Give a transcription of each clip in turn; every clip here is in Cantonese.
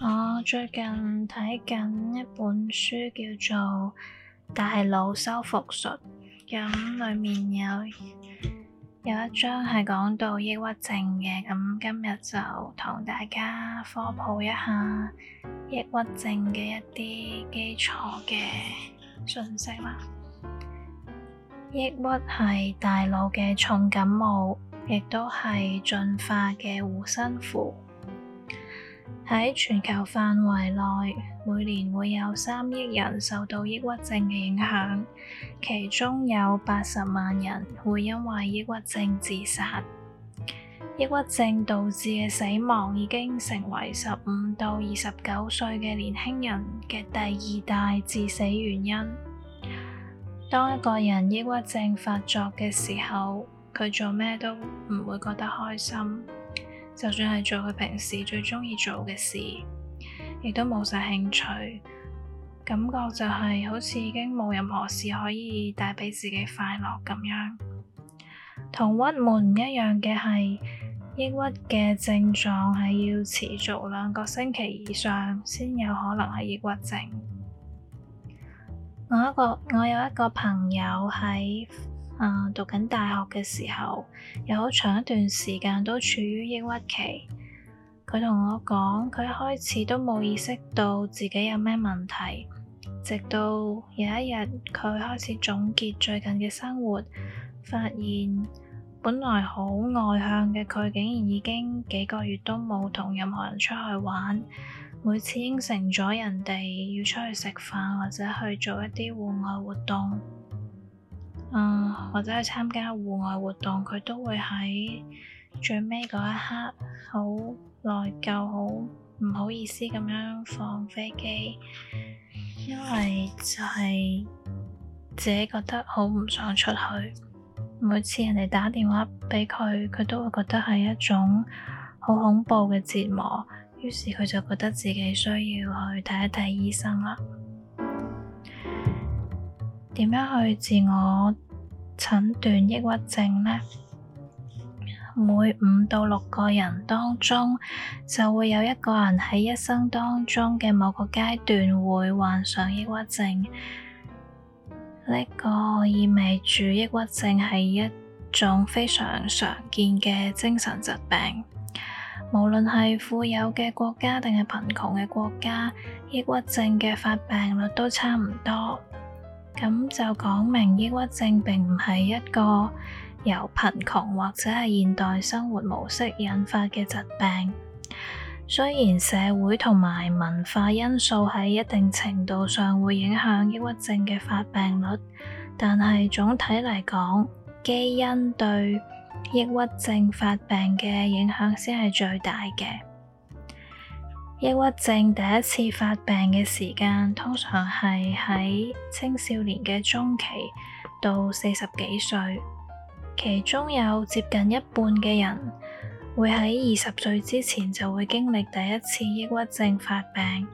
我最近睇緊一本書，叫做《大腦修復術》，咁裏面有有一章係講到抑鬱症嘅，咁今日就同大家科普一下抑鬱症嘅一啲基礎嘅信息啦。抑鬱係大腦嘅重感冒，亦都係進化嘅護身符。喺全球範圍內，每年會有三億人受到抑鬱症嘅影響，其中有八十萬人會因為抑鬱症自殺。抑鬱症導致嘅死亡已經成為十五到二十九歲嘅年輕人嘅第二大致死原因。當一個人抑鬱症發作嘅時候，佢做咩都唔會覺得開心，就算係做佢平時最鍾意做嘅事，亦都冇晒興趣，感覺就係好似已經冇任何事可以帶畀自己快樂咁樣。同鬱悶唔一樣嘅係，抑鬱嘅症狀係要持續兩個星期以上，先有可能係抑鬱症。我一個，我有一個朋友喺啊、呃、讀緊大學嘅時候，有好長一段時間都處於抑鬱期。佢同我講，佢一開始都冇意識到自己有咩問題，直到有一日佢開始總結最近嘅生活，發現本來好外向嘅佢，竟然已經幾個月都冇同任何人出去玩。每次應承咗人哋要出去食飯，或者去做一啲戶外活動，啊、呃，或者去參加戶外活動，佢都會喺最尾嗰一刻好內疚、好唔好意思咁樣放飛機，因為就係自己覺得好唔想出去。每次人哋打電話畀佢，佢都會覺得係一種好恐怖嘅折磨。於是佢就覺得自己需要去睇一睇醫生啦。點樣去自我診斷抑鬱症呢？每五到六個人當中就會有一個人喺一生當中嘅某個階段會患上抑鬱症，呢個意味住抑鬱症係一種非常常見嘅精神疾病。無論係富有嘅國家定係貧窮嘅國家，抑鬱症嘅發病率都差唔多，咁就講明抑鬱症並唔係一個由貧窮或者係現代生活模式引發嘅疾病。雖然社會同埋文化因素喺一定程度上會影響抑鬱症嘅發病率，但係總體嚟講，基因對抑鬱症發病嘅影響先係最大嘅。抑鬱症第一次發病嘅時間通常係喺青少年嘅中期到四十幾歲，其中有接近一半嘅人會喺二十歲之前就會經歷第一次抑鬱症發病。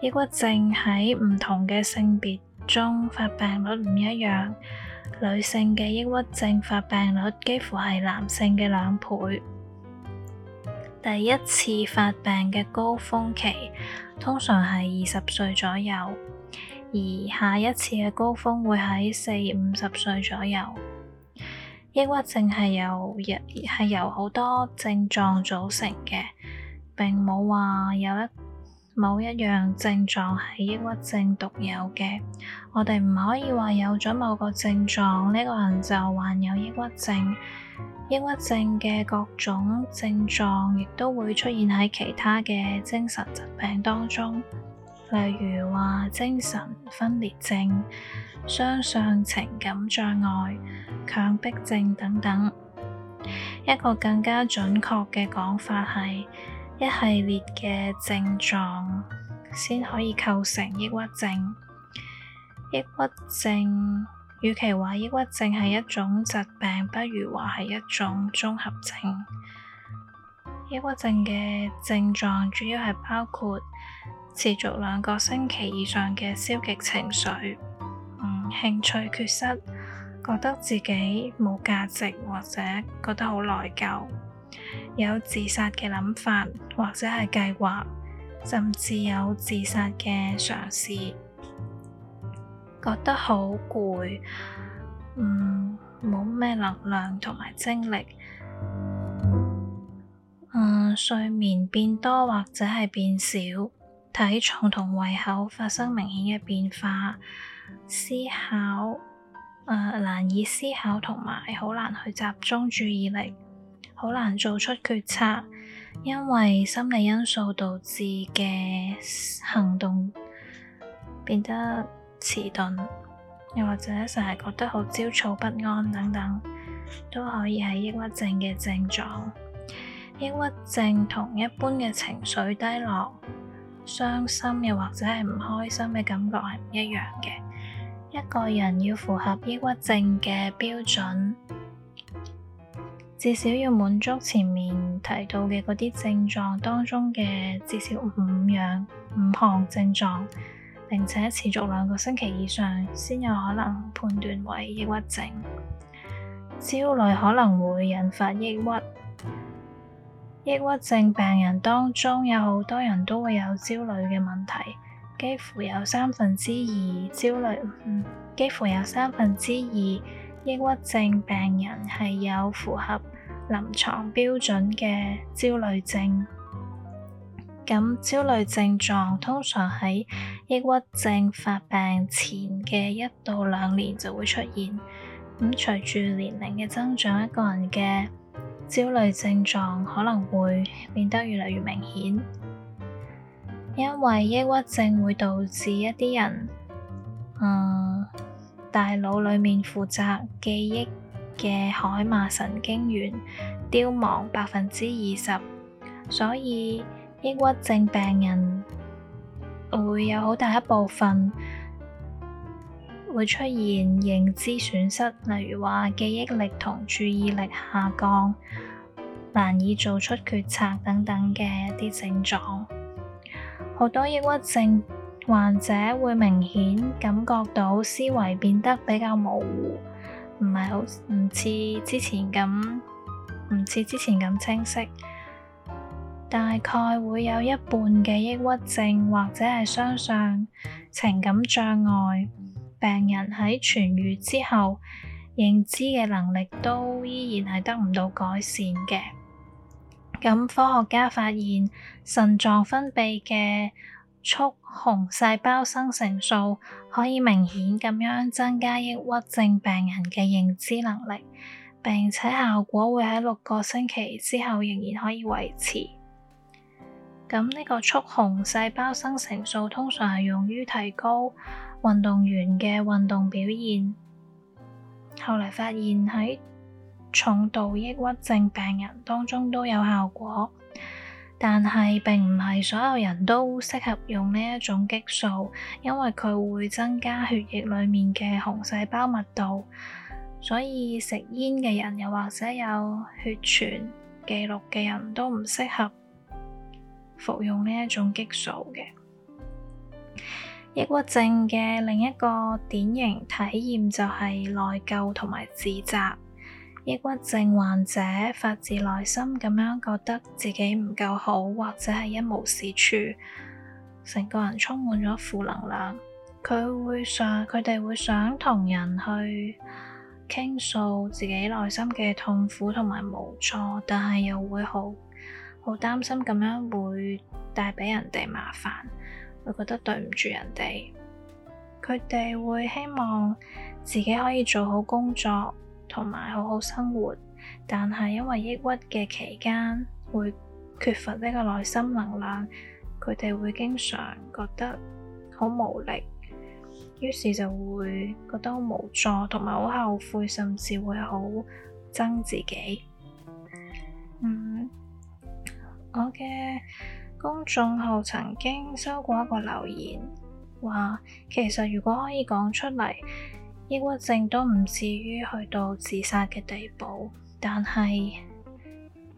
抑鬱症喺唔同嘅性別中發病率唔一樣。女性嘅抑鬱症發病率幾乎係男性嘅兩倍。第一次發病嘅高峰期通常係二十歲左右，而下一次嘅高峰會喺四五十歲左右。抑鬱症係由日係由好多症狀組成嘅，並冇話有，有一。冇一樣症狀係抑鬱症獨有嘅，我哋唔可以話有咗某個症狀，呢、這個人就患有抑鬱症。抑鬱症嘅各種症狀亦都會出現喺其他嘅精神疾病當中，例如話精神分裂症、雙相情感障礙、強迫症等等。一個更加準確嘅講法係。一系列嘅症狀先可以構成抑鬱症。抑鬱症，與其話抑鬱症係一種疾病，不如話係一種綜合症。抑鬱症嘅症狀主要係包括持續兩個星期以上嘅消極情緒、嗯、興趣缺失、覺得自己冇價值或者覺得好內疚。有自殺嘅諗法或者係計劃，甚至有自殺嘅嘗試，覺得好攰，嗯、冇咩能量同埋精力、嗯，睡眠變多或者係變少，體重同胃口發生明顯嘅變化，思考誒、呃、難以思考同埋好難去集中注意力。好難做出決策，因為心理因素導致嘅行動變得遲鈍，又或者成日覺得好焦躁不安等等，都可以係抑鬱症嘅症狀。抑鬱症同一般嘅情緒低落、傷心又或者係唔開心嘅感覺係唔一樣嘅。一個人要符合抑鬱症嘅標準，至少要滿足前面提到嘅嗰啲症狀當中嘅至少五樣，五項症狀，並且持續兩個星期以上，先有可能判斷為抑鬱症。焦慮可能會引發抑鬱。抑鬱症病人當中有好多人都會有焦慮嘅問題，幾乎有三分之二焦慮，嗯，幾乎有三分之二。抑鬱症病人係有符合臨床標準嘅焦慮症，咁焦慮症狀通常喺抑鬱症發病前嘅一到兩年就會出現。咁隨住年齡嘅增長，一個人嘅焦慮症狀可能會變得越嚟越明顯，因為抑鬱症會導致一啲人，誒、嗯。大腦裏面負責記憶嘅海馬神經元凋亡百分之二十，所以抑鬱症病人會有好大一部分會出現認知損失，例如話記憶力同注意力下降，難以做出決策等等嘅一啲症狀，好多抑鬱症。患者會明顯感覺到思維變得比較模糊，唔係好唔似之前咁，唔似之前咁清晰。大概會有一半嘅抑鬱症或者係雙相情感障礙病人喺痊愈之後，認知嘅能力都依然係得唔到改善嘅。咁科學家發現腎臟分泌嘅促紅細胞生成素可以明顯咁樣增加抑鬱症病人嘅認知能力，並且效果會喺六個星期之後仍然可以維持。咁呢個促紅細胞生成素通常係用於提高運動員嘅運動表現，後嚟發現喺重度抑鬱症病人當中都有效果。但係並唔係所有人都適合用呢一種激素，因為佢會增加血液裡面嘅紅細胞密度，所以食煙嘅人又或者有血栓記錄嘅人都唔適合服用呢一種激素嘅。抑鬱症嘅另一個典型體驗就係內疚同埋自責。抑鬱症患者發自內心咁樣覺得自己唔夠好，或者係一無是處，成個人充滿咗負能量。佢會想，佢哋會想同人去傾訴自己內心嘅痛苦同埋無助，但係又會好好擔心咁樣會帶畀人哋麻煩，會覺得對唔住人哋。佢哋會希望自己可以做好工作，同埋好好生活，但係因為抑鬱嘅期間會缺乏呢個內心能量，佢哋會經常覺得好無力，於是就會覺得好無助，同埋好後悔，甚至會好憎自己。嗯，我嘅公眾號曾經收過一個留言，話其實如果可以講出嚟。抑鬱症都唔至於去到自殺嘅地步，但係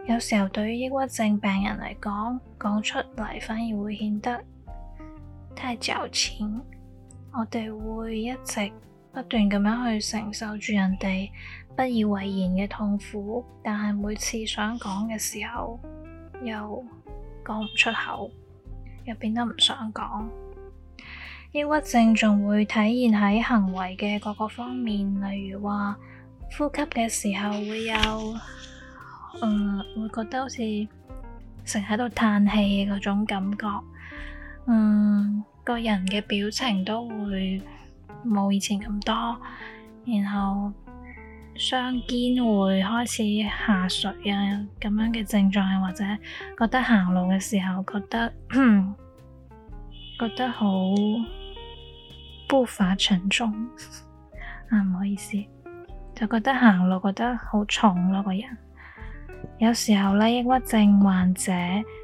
有時候對於抑鬱症病人嚟講，講出嚟反而會顯得太矯情。我哋會一直不斷咁樣去承受住人哋不以為然嘅痛苦，但係每次想講嘅時候，又講唔出口，又變得唔想講。抑鬱症仲會體現喺行為嘅各個方面，例如話呼吸嘅時候會有，嗯，會覺得好似成日喺度嘆氣嘅嗰種感覺，嗯，個人嘅表情都會冇以前咁多，然後雙肩會開始下垂啊咁樣嘅症狀，或者覺得行路嘅時候覺得覺得好。步伐沉重 啊，唔好意思，就覺得行路覺得好重咯，啊，個人。有時候呢，抑鬱症患者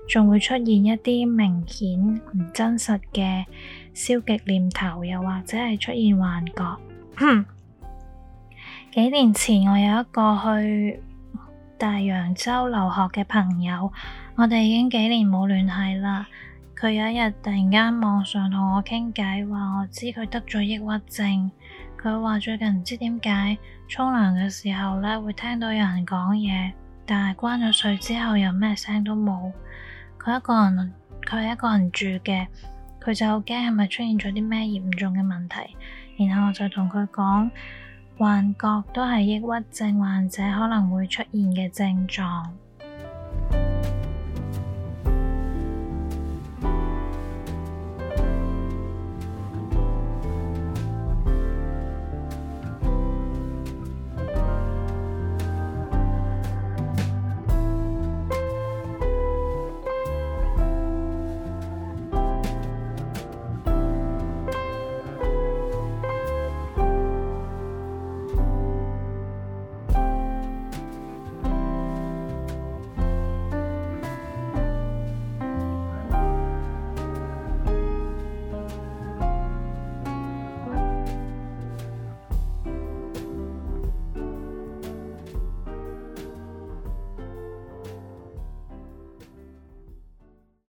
仲會出現一啲明顯唔真實嘅消極念頭，又或者係出現幻覺。幾年前我有一個去大洋洲留學嘅朋友，我哋已經幾年冇聯繫啦。佢有一日突然間網上同我傾偈，話我知佢得咗抑鬱症。佢話最近唔知點解沖涼嘅時候咧會聽到有人講嘢，但係關咗水之後又咩聲都冇。佢一個人，佢係一個人住嘅，佢就好驚係咪出現咗啲咩嚴重嘅問題。然後我就同佢講，幻覺都係抑鬱症患者可能會出現嘅症狀。